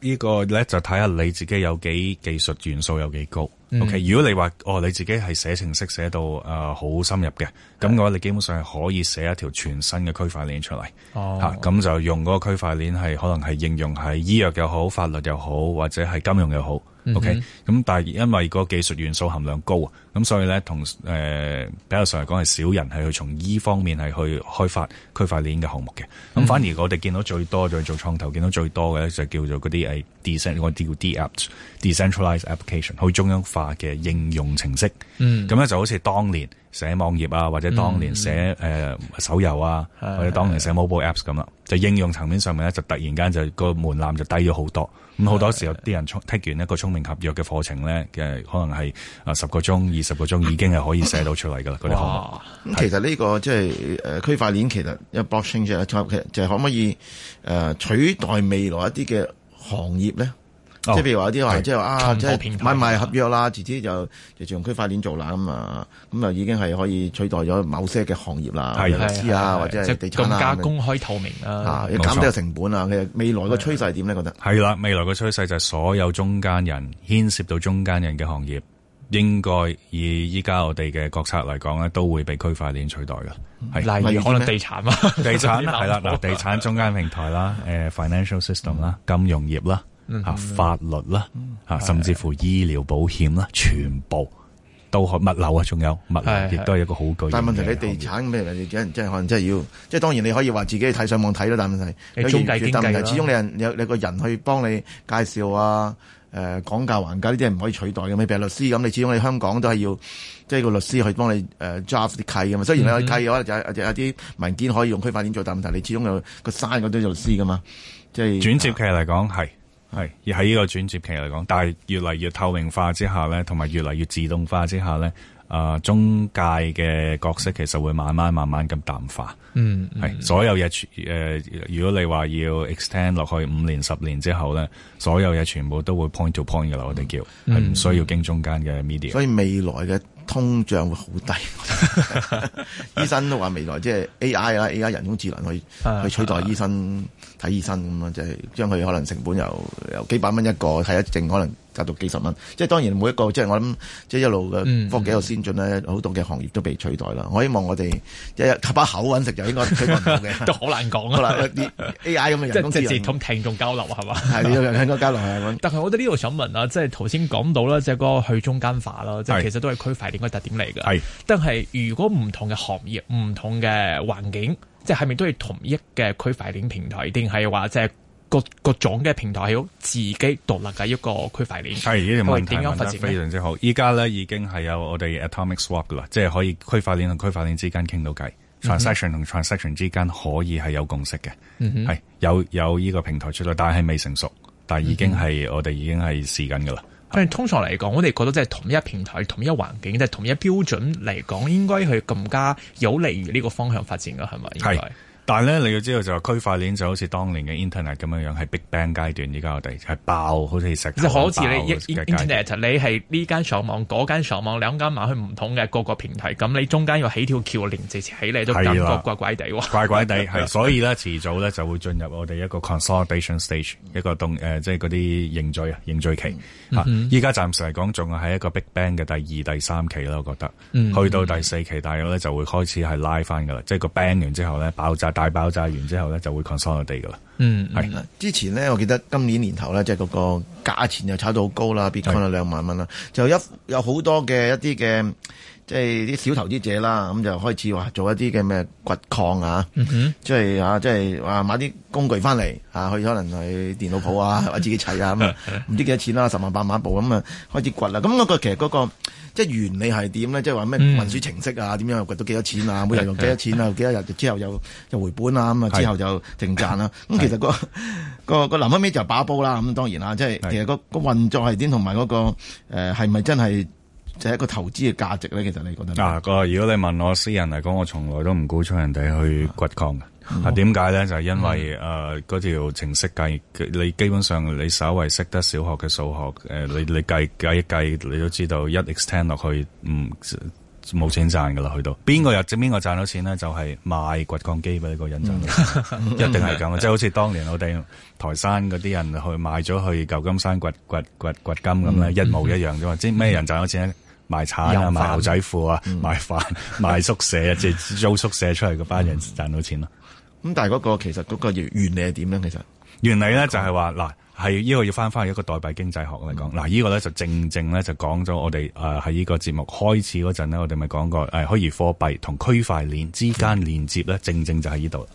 個，呢個咧就睇下你自己有幾技術元素有幾高。嗯、o、okay? K，如果你話哦你自己係寫程式寫到誒好、呃、深入嘅，咁嘅話你基本上係可以寫一條全新嘅區塊鏈出嚟。哦，吓咁、啊、就用嗰個區塊鏈係可能係應用喺醫藥又好、法律又好，或者係金融又好。OK，咁但係因為個技術元素含量高啊，咁所以咧同誒，比較上嚟講係少人係去從依方面係去開發區塊鏈嘅項目嘅。咁、嗯、反而我哋見到最多就係做創投，見到最多嘅咧就叫做嗰啲誒，我啲叫 DApp，Decentralized Application，去中央化嘅應用程式。嗯，咁咧就好似當年，寫網頁啊，或者當年寫誒、呃、手遊啊，嗯、或者當年寫 mobile apps 咁啦，嗯、就應用層面上面咧，就突然間就個門檻就低咗好多。咁好、嗯、多時候啲、嗯、人剔完一個聰明合約嘅課程咧嘅，嗯、可能係啊十個鐘、二十、嗯、個鐘已經係可以寫到出嚟噶啦。嗰啲項目咁，其實呢個即係誒區塊鏈，其實一 blockchain 就啊，可唔可以誒取代未來一啲嘅行業咧？即係譬如話有啲話，即係啊，即係買賣合約啦，直接就就用區塊鏈做啦咁啊，咁啊已經係可以取代咗某些嘅行業啦，融資啊或者係地產更加公開透明啦，你減低成本啊，未來個趨勢點咧？覺得係啦，未來個趨勢就係所有中間人牽涉到中間人嘅行業，應該以依家我哋嘅國策嚟講咧，都會被區塊鏈取代㗎。例如可能地產啦，地產係啦，嗱地產中間平台啦，誒 financial system 啦，金融業啦。法律啦，吓、嗯、甚至乎醫療保險啦，的全部都係物流啊，仲有物流亦都係一個好巨。但係問題你地產咩嚟？即係可能真係要，即係當然你可以話自己睇上網睇啦。但係中介經紀，始終你，你有你有個人去幫你介紹啊，誒，講價還價呢啲唔可以取代嘅。咩？比如律師咁，你始終你香港都係要即係個律師去幫你誒 draft 啲契嘅嘛。雖然你契嘅話就有啲、嗯、哼文件可以用區塊鏈做，但係問題你始終有個山嗰啲律師噶嘛，即係轉接其實嚟講係。是係，而喺呢個轉接期嚟講，但係越嚟越透明化之下咧，同埋越嚟越自動化之下咧，啊、呃、中介嘅角色其實會慢慢慢慢咁淡化。嗯，係、嗯、所有嘢，誒、呃，如果你話要 extend 落去五年、十年之後咧，所有嘢全部都會 point to point 嘅啦，我哋叫係唔需要經中間嘅 media、嗯嗯嗯。所以未來嘅通脹會好低， 醫生都話未來即係、就是、AI 啦，AI 人工智能去去取代醫生睇醫生咁樣，即係將佢可能成本由由幾百蚊一個睇一症可能。加到幾十蚊，即係當然每一個即係我諗，即係一路嘅科技又先進咧，好、嗯、多嘅行業都被取代啦。我希望我哋即係吸把口揾食就應該可以 都難 好難講啊。好啦的，啲 AI 咁嘅人工直接同聽眾交流係嘛？係，有 人工交流係。 但係我覺得呢度想問啊，即係頭先講到啦，即、就、係、是、個去中間化咯，即、就、係、是、其實都係區塊鏈嘅特點嚟嘅。係的，但係如果唔同嘅行業、唔同嘅環境，即係咪都係同一嘅區塊鏈平台，定係話即係？各各種嘅平台係有自己獨立嘅一個區塊鏈，係呢條問題點樣發展嘅？非常之好，依家咧已經係有我哋 Atomic Swap 嘅啦，即係可以區塊鏈同區塊鏈之間傾到偈、嗯、哼，transaction 同 transaction 之間可以係有共識嘅，係、嗯、哼有有依個平台出嚟，但係未成熟，但係已經係、嗯、哼我哋已經係試緊嘅啦。但係通常嚟講，我哋覺得即係同一平台、同一環境、即係同一標準嚟講，應該係更加有利於呢個方向發展嘅，係咪？係是。但咧你要知道就係區塊鏈就好似當年嘅 internet 咁樣樣，係 big bang 階段，而家我哋係爆，好似食。其實好似你 internet，你係呢間上網，嗰間上網，網，兩間埋去唔同嘅個個平台。咁你中間要起條橋連接起嚟都感覺怪怪地喎。怪怪地係，的的所以咧遲早咧就會進入我哋一個 consolidation stage，一個動誒即係嗰啲凝聚，認罪啊凝聚期嚇。依家、mm hmm. 暫時嚟講仲係一個 big bang 嘅第二第三期啦，我覺得、mm hmm. 去到第四期大約咧就會開始係拉翻噶啦，即係、mm hmm. 個 bang 完之後咧爆炸大爆炸完之後咧，就會 consolid 地噶啦。嗯，係啦是。之前咧，我記得今年年頭咧，即係嗰個價錢又炒到好高啦 b i t 兩萬蚊啦，就的一有好多嘅一啲嘅。即係啲小投資者啦，咁、嗯、就開始話做一啲嘅咩掘礦啊，即係、mm hmm. 就是、啊，即係話買啲工具翻嚟啊，去可能去電腦鋪啊，或者自己砌啊，咁唔 知幾多錢啦、啊，十萬八萬一部咁啊，嗯嗯、開始掘啦。咁嗰個其實嗰、那個即係、就是、原理係點咧？即係話咩運輸程式啊，點樣掘到幾多錢啊？每日用幾多錢啊？幾多日之後又又回本啦？咁、嗯、啊之後就淨賺啦。咁、嗯、其實、那個個個臨一尾就爆煲啦。咁當然啊，即、就、係、是、其實個個運作係點，同埋嗰個誒係咪真係？ 就係一個投資嘅價值咧，其實你覺得啊？哥，如果你問我私人嚟講，我從來都唔鼓吹人哋去掘礦嘅。啊，點解咧？就係因為誒，嗰條程式，計，你基本上你稍為識得小學嘅數學，誒，你你計計一計，你都知道一 extend 落去，唔冇錢賺噶啦，去到邊個又邊個賺到錢咧？就係賣掘礦機畀你嗰一個人賺，一定係咁。即係好似當年我哋台山嗰啲人去買咗去舊金山掘掘掘掘金咁咧，一模一樣啫嘛。即係咩人賺到錢咧？賣產啊，賣牛仔褲啊，賣飯，賣宿舍啊，即係 租宿舍出嚟嗰班人賺到錢咯。咁、嗯、但係嗰個其實嗰、嗰個原理係點咧？其實原理咧就係話嗱，係呢、嗯、個要翻翻去一個代幣經濟學嚟講，嗱呢、嗯、個咧就正正咧就講咗我哋誒喺呢個節目開始嗰陣咧，我哋咪講過誒，虛擬貨幣同區塊鏈之間連接咧，正正、嗯、就喺呢度，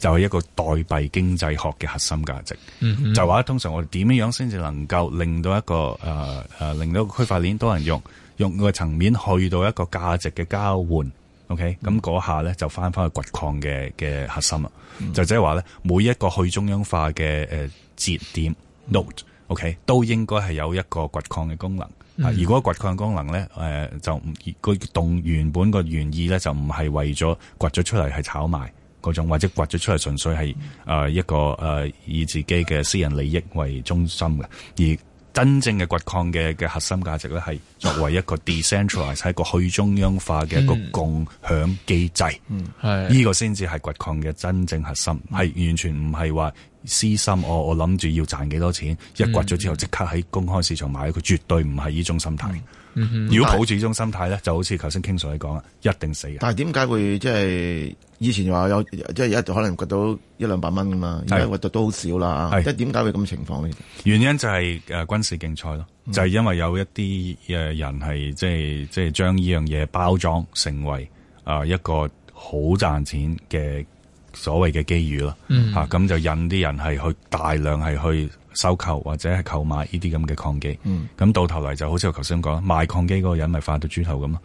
就係一個代幣經濟學嘅核心價值，嗯嗯、就話通常我哋點樣先至能夠令到一個誒誒、呃、令到區塊鏈多人用。用個層面去到一個價值嘅交換，OK，咁嗰、嗯、下咧就返返去掘礦嘅嘅核心啦。嗯、就即係話咧，每一個去中央化嘅誒節點 Node，OK、嗯、都應該係有一個掘礦嘅功能。如果、嗯、掘礦功能咧，誒、呃、就唔個洞原本個原意咧就唔係為咗掘咗出嚟係炒賣嗰種，或者掘咗出嚟純粹係誒、呃、一個誒、呃、以自己嘅私人利益為中心嘅而。真正嘅掘礦嘅嘅核心價值咧，係作為一個 decentralized 係一個去中央化嘅一個共享機制，係呢、嗯、個先至係掘礦嘅真正核心，係完全唔係話私心，哦、我我諗住要賺幾多錢，一掘咗之後即刻喺公開市場買，佢絕對唔係呢種心態。嗯、如果抱住呢種心態咧，但就好似頭先 King Sir 你講啊，一定死啊！但係點解會即係、就是、以前話有即係一可能掘到一兩百蚊噶嘛，而家掘到都好少啦。即係點解會咁情況呢？原因就係、是、誒、呃、軍事競賽咯，就係、是、因為有一啲誒、呃、人係即係即係將呢樣嘢包裝成為啊、呃、一個好賺錢嘅。所謂嘅機遇咯，嚇咁、嗯啊、就引啲人係去大量係去收購或者係購買呢啲咁嘅礦機，咁、嗯、到頭嚟就好似我頭先講，賣礦機嗰個人咪發到豬頭咁咯。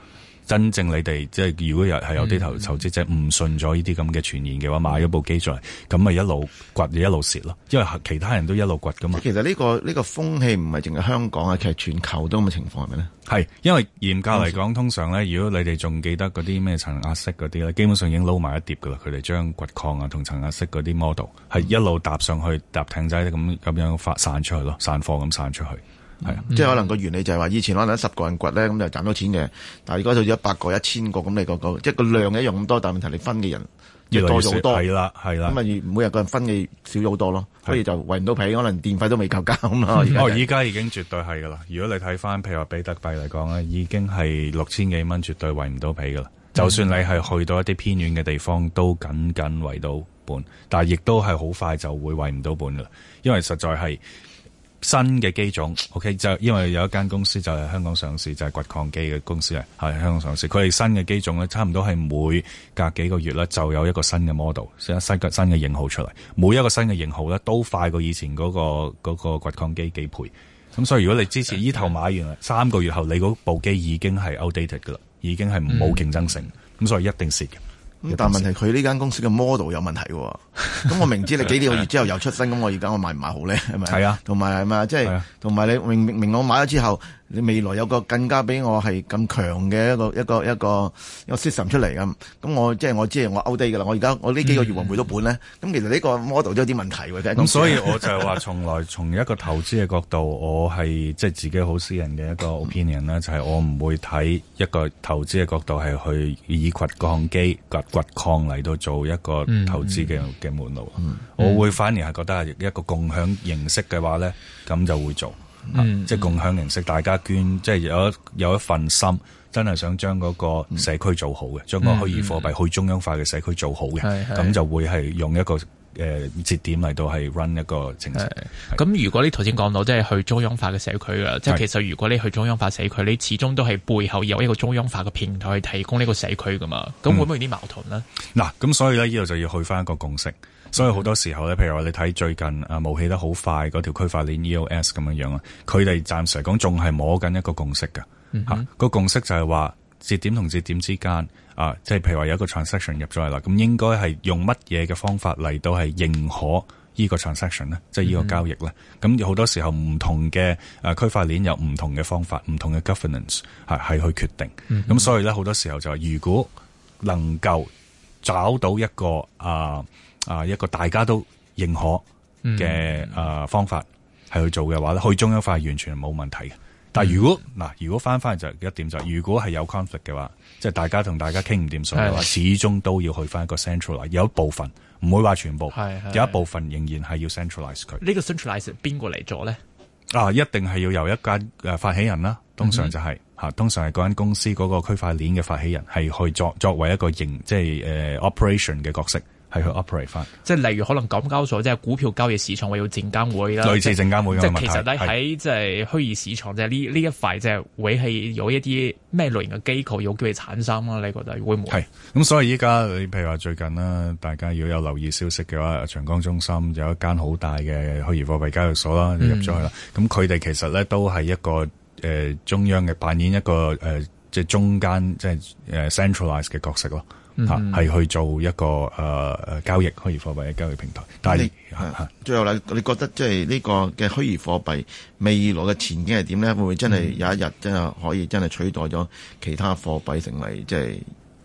真正你哋即係，如果有係有啲投投資者唔、嗯、信咗呢啲咁嘅傳言嘅話，嗯、買咗部機出嚟，咁咪、嗯、一路掘你一路蝕咯，因為其他人都一路掘噶嘛。其實呢、呢個呢、呢個風氣唔係淨係香港啊，其實全球都咁嘅情況係咪咧？係，因為嚴格嚟講，通常咧，如果你哋仲記得嗰啲咩層壓式嗰啲咧，基本上已經撈埋一碟噶啦，佢哋將掘礦啊同層壓式嗰啲 model 係一路搭上去搭艇仔咁咁樣發散出去咯，散貨咁散出去。係，啊嗯、即係可能個原理就係話，以前可能十個人掘咧，咁就賺到錢嘅。但係如果到咗一百個、一千個咁，你個即係個量一樣咁多，多，但係問題你分嘅人越多咗好多，咁啊，啊每日個人分嘅少咗好多咯，啊、所以就圍唔到皮，可能電費都未夠交咁咯。哦、啊，依家已經絕對係噶啦。如果你睇翻，譬如話比特幣嚟講咧，已經係六千幾蚊，絕對圍唔到皮噶啦。就算你係去到一啲偏遠嘅地方，都僅僅圍到半，但係亦都係好快就會圍唔到半噶啦，因為實在係。新嘅機種，OK，就因為有一間公司就係香港上市，就係掘礦機嘅公司啊，係香港上市。佢哋新嘅機種咧，差唔多係每隔幾個月咧就有一個新嘅 model，新新嘅型號出嚟。每一個新嘅型號咧，都快過以前嗰個嗰個掘礦機幾倍。咁所以如果你之前呢頭買完啦，嗯、三個月後你嗰部機已經係 outdated 噶啦，已經係冇競爭性。咁、嗯、所以一定蝕嘅。但係問題，佢呢間公司嘅 model 有問題，哦，咁 我明知你幾個月之後又出新，咁 我而家我買唔買好咧？係 咪是？係是啊，同埋係咪，即係同埋你明明明我買咗之後。你未來有個更加比我係咁強嘅一個一個一個一個 system 出嚟咁，咁我即係我知係我 out 啲噶啦，我而家我呢幾個月唔回到本咧。咁其實呢個 model 都有啲問題㗎。咁、嗯、所以我就係話，從來從一個投資嘅角度，我係即係自己好私人嘅一個 opinion 啦、嗯，就係我唔會睇一個投資嘅角度係去以掘礦機、掘掘礦嚟到做一個投資嘅嘅門路。嗯嗯嗯、我會反而係覺得係一個共享形式嘅話咧，咁就會做。嗯，即係共享形式，大家捐，即係有一有一份心，真係想將嗰個社區做好嘅，將、嗯、個虛擬貨幣去中央化嘅社區做好嘅，咁、嗯嗯、就會係用一個誒節、呃、點嚟到係 run 一個政策。咁、嗯嗯、是如果你頭先講到即係去中央化嘅社區啦，即係其實如果你去中央化社區，你始終都係背後有一個中央化嘅平台去提供呢個社區噶嘛，咁會唔會有啲矛盾呢？嗱、嗯，咁所以咧呢度就要去翻一個共識。所以好多時候咧，譬如話你睇最近啊，冒起得好快嗰條區塊鏈 EOS 咁樣樣啊，佢哋暫時嚟講仲係摸緊一個共識噶吓，個、嗯哼啊、共識就係話節點同節點之間啊，即係譬如話有一個 transaction 入咗嚟啦，咁應該係用乜嘢嘅方法嚟到係認可呢個 transaction 咧、嗯哼，即係呢個交易咧？咁好多時候唔同嘅誒區塊鏈有唔同嘅方法，唔同嘅 governance 係、啊、係去決定。咁、嗯、哼所以咧，好多時候就係、是、如果能夠找到一個啊。啊！一個大家都認可嘅誒方法係去做嘅話咧，嗯、去中央化完全冇問題嘅。嗯、但係如果嗱，如果翻翻就一點就是，如果係有 conflict 嘅話，即、就、係、是、大家同大家傾唔掂數嘅話，的始終都要去翻一個 centralize。有一部分唔會話全部，的有一部分仍然係要 centralize 佢。個 cent 呢個 centralize 係邊個嚟做咧？啊，一定係要由一間誒、呃、發起人啦，通常就係、是、嚇，嗯、哼通常係嗰間公司嗰個區塊鏈嘅發起人係去作作為一個營即係誒、呃、operation 嘅角色。係去 operate 翻，即係例如可能港交所即係股票交易市場，會有證監會啦，類似證監會樣。咁係其實你喺即係虛擬市場，即係呢呢一塊，即係會係有一啲咩類型嘅機構有佢產生啦？你覺得會唔會？係咁，所以依家你譬如話最近啦，大家要有留意消息嘅話，長江中心有一間好大嘅虛擬貨幣交易所啦，入咗、嗯、去啦。咁佢哋其實咧都係一個誒、呃、中央嘅扮演一個誒、呃、即係中間即係誒、呃、centralized 嘅角色咯。吓，係、啊、去做一個誒誒、呃、交易虛擬貨幣嘅交易平台。但係你、啊、最後啦，你覺得即係呢個嘅虛擬貨幣未來嘅前景係點咧？會唔會真係有一日真係可以真係取代咗其他貨幣，成為即係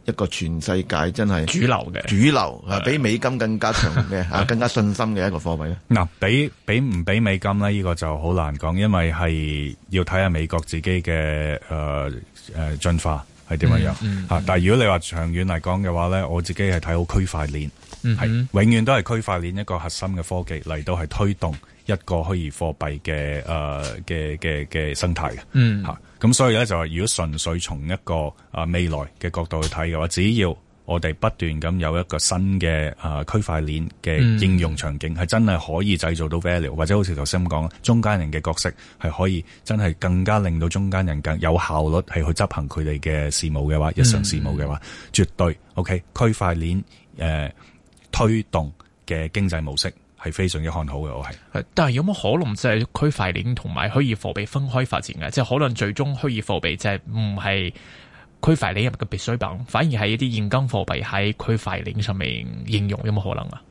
一個全世界真係主流嘅主流，主流啊？比美金更加長嘅吓、 啊，更加信心嘅一個貨幣咧。嗱、啊，比比唔比美金咧？呢、呢個就好難講，因為係要睇下美國自己嘅誒誒進化。係點樣樣吓、嗯嗯啊？但係如果你長遠話長遠嚟講嘅話咧，我自己係睇好區塊鏈，係、嗯、哼永遠都係區塊鏈一個核心嘅科技嚟到係推動一個虛擬貨幣嘅誒嘅嘅嘅生態嘅吓。咁、嗯啊、所以咧就係如果純粹從一個啊、呃、未來嘅角度去睇嘅話，只要我哋不斷咁有一個新嘅啊區塊鏈嘅應用場景，係、嗯、真係可以製造到 value，或者好似頭先咁講，中間人嘅角色係可以真係更加令到中間人更有效率係去執行佢哋嘅事務嘅話，日常、嗯、事務嘅話，絕對 OK。區塊鏈誒、呃、推動嘅經濟模式係非常之看好嘅，我係。但係有冇可能即係區塊鏈同埋虛擬貨幣分開發展嘅？即係可能最終虛擬貨幣即係唔係？區塊鏈入嘅必需品，反而係一啲現金貨幣喺區塊鏈上面應用，有冇可能啊？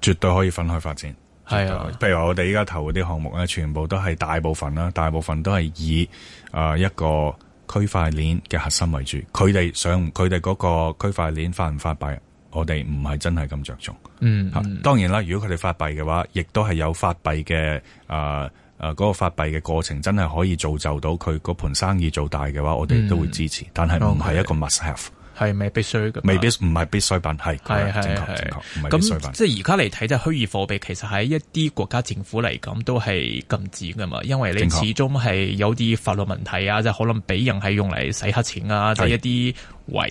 絕對可以分開發展，係啊。譬如我哋依家投嗰啲項目咧，全部都係大部分啦，大部分都係以啊、呃、一個區塊鏈嘅核心為主。佢哋想佢哋嗰個區塊鏈發唔發幣，我哋唔係真係咁着重。嗯、嗯、啊，當然啦，如果佢哋發幣嘅話，亦都係有發幣嘅啊。呃誒嗰、啊那個發幣嘅過程真係可以造就到佢嗰盤生意做大嘅話，我哋都會支持。但係唔係一個 must have，係咪、嗯 okay。必，必須未必唔係必須品，係係係，正確正確。咁即係而家嚟睇，即係、就是、虛擬貨幣，其實喺一啲國家政府嚟講都係禁止㗎嘛，因為你始終係有啲法律問題啊，即係可能俾人係用嚟洗黑錢啊，確即係一啲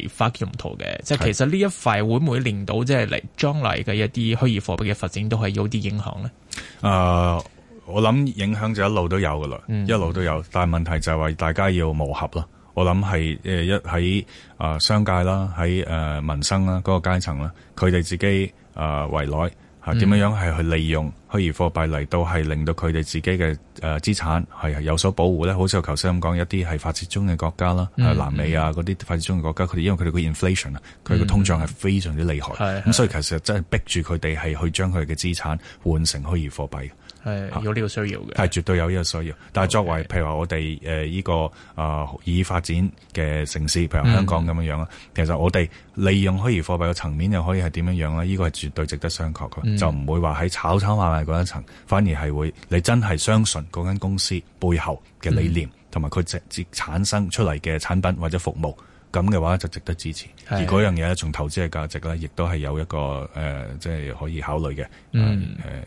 違法用途嘅的。即係其實呢一塊會唔會令到即係嚟將來嘅一啲虛擬貨幣嘅發展都係有啲影響呢？誒、嗯。Uh 我諗影響就一路都有噶啦，嗯、一路都有，但係問題就係大家要磨合咯。我諗係誒一喺啊商界啦，喺誒、呃、民生啦，嗰、那個階層啦，佢哋自己啊圍內吓點樣樣係去利用虛擬貨幣嚟到係令到佢哋自己嘅誒資產係有所保護咧。好似我頭先咁講，一啲係發展中嘅國家啦，嗯呃、南美啊嗰啲發展中嘅國家，佢哋因為佢哋個 inflation 啊，佢哋個通脹係非常之厲害，咁、嗯嗯、所以其實真係逼住佢哋係去將佢哋嘅資產換成虛擬貨幣。係有呢個需要嘅，係、啊、絕對有呢個需要。但係作為 Okay. 譬如話我哋誒呢個啊已發展嘅城市，譬如香港咁樣樣啦，嗯、其實我哋利用虛擬貨幣嘅層面又可以係點樣樣咧？呢、呢個係絕對值得商榷嘅，嗯、就唔會話喺炒炒賣賣嗰一層，反而係會你真係相信嗰間公司背後嘅理念，同埋佢直接產生出嚟嘅產品或者服務，咁嘅話就值得支持。嗯、而嗰樣嘢從投資嘅價值咧，亦都係有一個誒、呃呃，即係可以考慮嘅。嗯、呃、誒。呃呃呃呃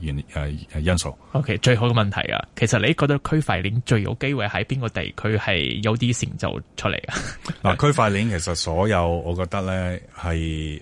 原係、呃、因素。O、okay, K，最好嘅問題啊，其實你覺得區塊鏈最有機會喺邊個地區係有啲成就出嚟啊？啊，區塊鏈其實所有，我覺得咧係，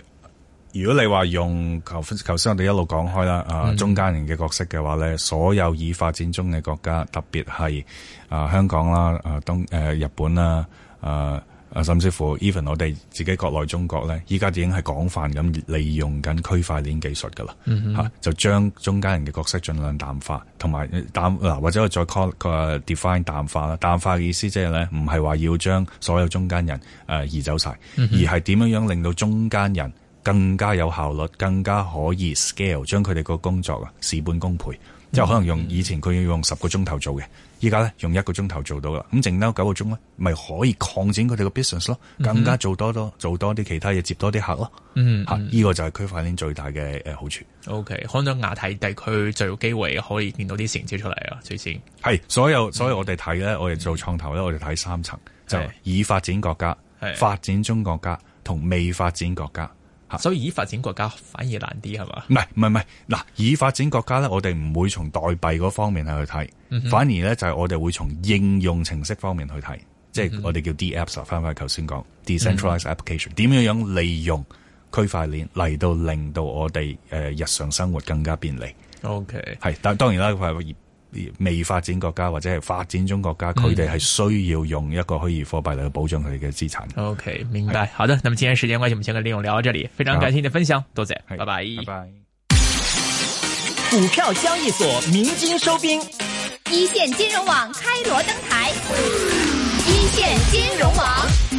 如果你話用求求先我哋一路講開啦，啊、呃，中間人嘅角色嘅話咧，嗯、所有已發展中嘅國家，特別係啊香港啦，啊東誒日本啦，誒、呃。啊，甚至乎 even 我哋自己國內中國咧，依家已經係廣泛咁利用緊區塊鏈技術噶啦，嚇、mm hmm. 啊、就將中間人嘅角色盡量淡化，同埋淡嗱或者我再 call 個 define 淡化啦。淡化嘅意思即係咧，唔係話要將所有中間人誒、呃、移走晒，mm hmm. 而係點樣樣令到中間人。更加有效率，更加可以 scale，將佢哋個工作啊，事半功倍，mm hmm. 即係可能用以前佢要用十個鐘頭做嘅，依家咧，用一個鐘頭做到啦。咁剩翻九個鐘咧，咪可以擴展佢哋個 business 咯，更加做多多，mm hmm. 做多啲其他嘢，接多啲客咯。嗯、mm，吓、hmm. 啊，依、這個就係區塊鏈最大嘅誒好處。OK，可能喺亞太地區就有機會可以見到啲成績出嚟啊，最先係所有，所以我哋睇咧，mm hmm. 我哋做創投咧，我哋睇三層，就已發展國家、mm hmm. 發展中國家同未發展國家。所以已發展國家反而難啲係嘛？唔係唔係唔係，嗱，已發展國家咧，我哋唔會從代幣嗰方面係去睇，嗯、哼反而咧就係我哋會從應用程式方面去睇，嗯、哼即係我哋叫 D Apps 翻返去頭先講 Decentralized Application 點樣、嗯、哼樣利用區塊鏈嚟到令到我哋誒日常生活更加便利。OK，係，但當然啦，佢係會熱。未發展國家或者係發展中國家，佢哋係需要用一個虛擬貨幣嚟保障佢哋嘅資產。OK，明白。是好的，那麼今天時間關係，我們先同李勇聊到這裏，非常感謝你嘅分享，是多謝，是 bye bye 拜拜。股票交易所明金收兵，一線金融網開鑼登台，一線金融網。